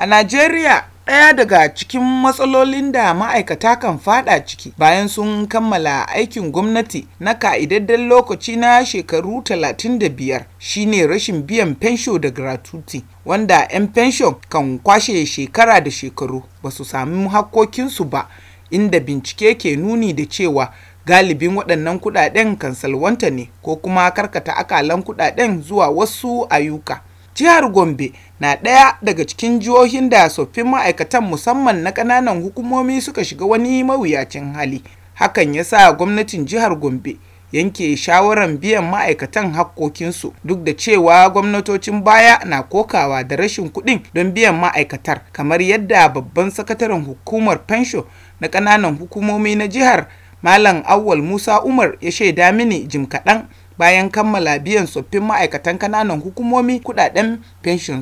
A Najeriya, ɗaya daga cikin matsalolin da ma'aikata kan fada ciki bayan sun kammala aikin gwamnati na ka'idadden lokaci na shekaru 35 shine rashin biyan fensho da gratuti, wanda 'yan fensho kan kwashe shekara da shekaru ba su sami hakkokinsu ba inda bincike ke nuni da cewa galibin waɗannan kuɗaɗen kan salwanta ne ko kuma karkata akalan kuɗaɗen zuwa wasu ayyuka. jihar gombe na ɗaya daga cikin jihohin da tsoffin ma'aikatan musamman na ƙananan hukumomi suka shiga wani mawuyacin hali hakan ya sa gwamnatin jihar gombe yanke shawaran biyan ma'aikatan hakkokinsu duk da cewa gwamnatocin baya na kokawa da rashin kuɗin don biyan ma'aikatar kamar yadda babban sakataren hukumar fensho na ƙananan hukumomi na jihar malam awwal musa umar ya shaida mini jim kaɗan bayan kammala biyan tsoffin ma'aikatan kananan hukumomi kudaden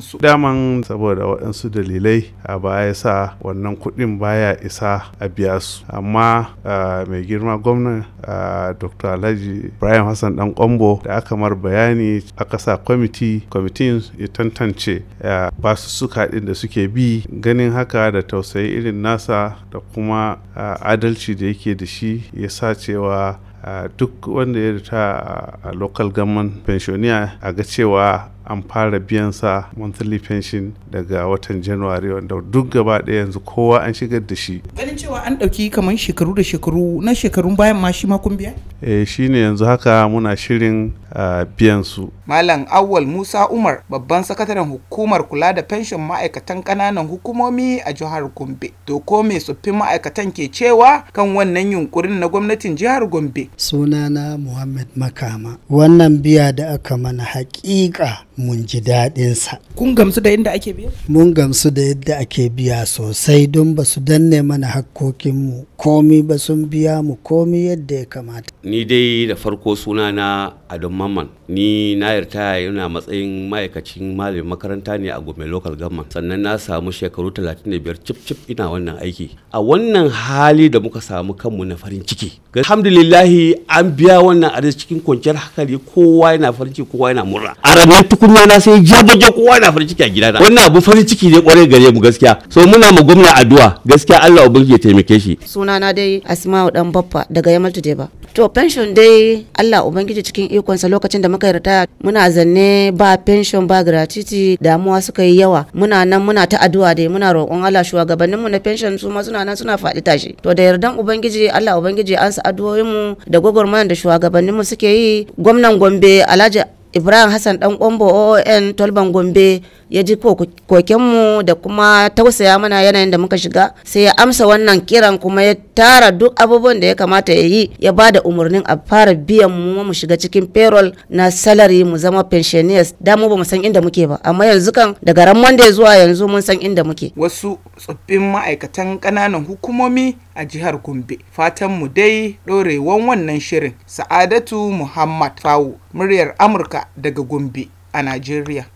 su. Daman saboda waɗansu dalilai a baya sa wannan kuɗin baya isa a biya su. Amma mai girma gwamnan Dr. Alhaji Ibrahim Hassan Dan Kwambo da aka mar bayani aka sa kwamiti kwamitin ya tantance ba su suka ɗin da suke bi ganin haka da tausayi irin nasa da kuma adalci da yake da shi ya sa cewa duk wanda ya rita a lokal local government pensioner a ga cewa an fara biyan sa monthly pension daga watan january wanda duk gaba ɗaya yanzu kowa an shigar da shi ganin cewa an ɗauki kamar shekaru da shekaru na shekarun bayan ma shi ma kun biya eh shine yanzu haka muna shirin fiyansu. Malam Awwal Musa Umar babban sakataren hukumar kula da fenshon ma'aikatan ƙananan hukumomi a jihar Gombe. Doko mai tsoffin ma'aikatan ke cewa kan wannan yunkurin na gwamnatin jihar Gombe. Sunana Muhammad Makama. Wannan biya da aka mana haƙiƙa mun ji daɗinsa. Kun gamsu da yadda ake biya? Mun gamsu da yadda ake biya sosai don ba su danne mana hakkokinmu komi ba sun biya mu komi yadda ya kamata. ni dai da farko sunana adam mamman ni na yarta yana matsayin ma'aikacin malamin makaranta ne a gome local government sannan na samu shekaru 35 cip cip ina wannan aiki a wannan hali da muka samu kanmu na farin ciki alhamdulillahi an biya wannan arziki cikin kwanciyar hankali kowa yana farin ciki kowa yana murna a ranar tukunya na sai jagoje kowa yana farin ciki a gidana wannan abu farin ciki ne kwarai gare mu gaskiya so muna ma gwamna addu'a gaskiya Allah ubin ya taimake shi sunana dai Asma'u dan Baffa daga Yamal Tudeba to pension dai Allah ubangiji cikin ikonsa lokacin da muka ritaya muna zanne ba pension ba gratuity damuwa suka yi yawa muna nan muna ta addu'a dai muna roƙon Allah shugabannin mu na pension su ma suna nan suna faɗi tashi to da yardan ubangiji Allah ubangiji an sa addu'o'in mu da gwagwarmayar da shugabannin mu suke yi gwamnan Gombe Alhaji ibrahim hassan dan kwambo oon tolban gombe ya ji kokenmu da kuma tausaya mana yanayin da muka shiga sai ya amsa wannan kiran kuma ya tara duk abubuwan da ya kamata ya yi ya ba da umarnin a fara biyan mu mu shiga cikin payroll na salary mu zama pensioners da mu ba mu san inda muke ba amma yanzu kan daga ran monday zuwa yanzu mun san inda muke wasu tsoffin ma'aikatan ƙananan hukumomi a jihar gombe fatan mu dai dorewan wannan shirin sa'adatu muhammad fawo muryar amurka daga Gombe a Najeriya.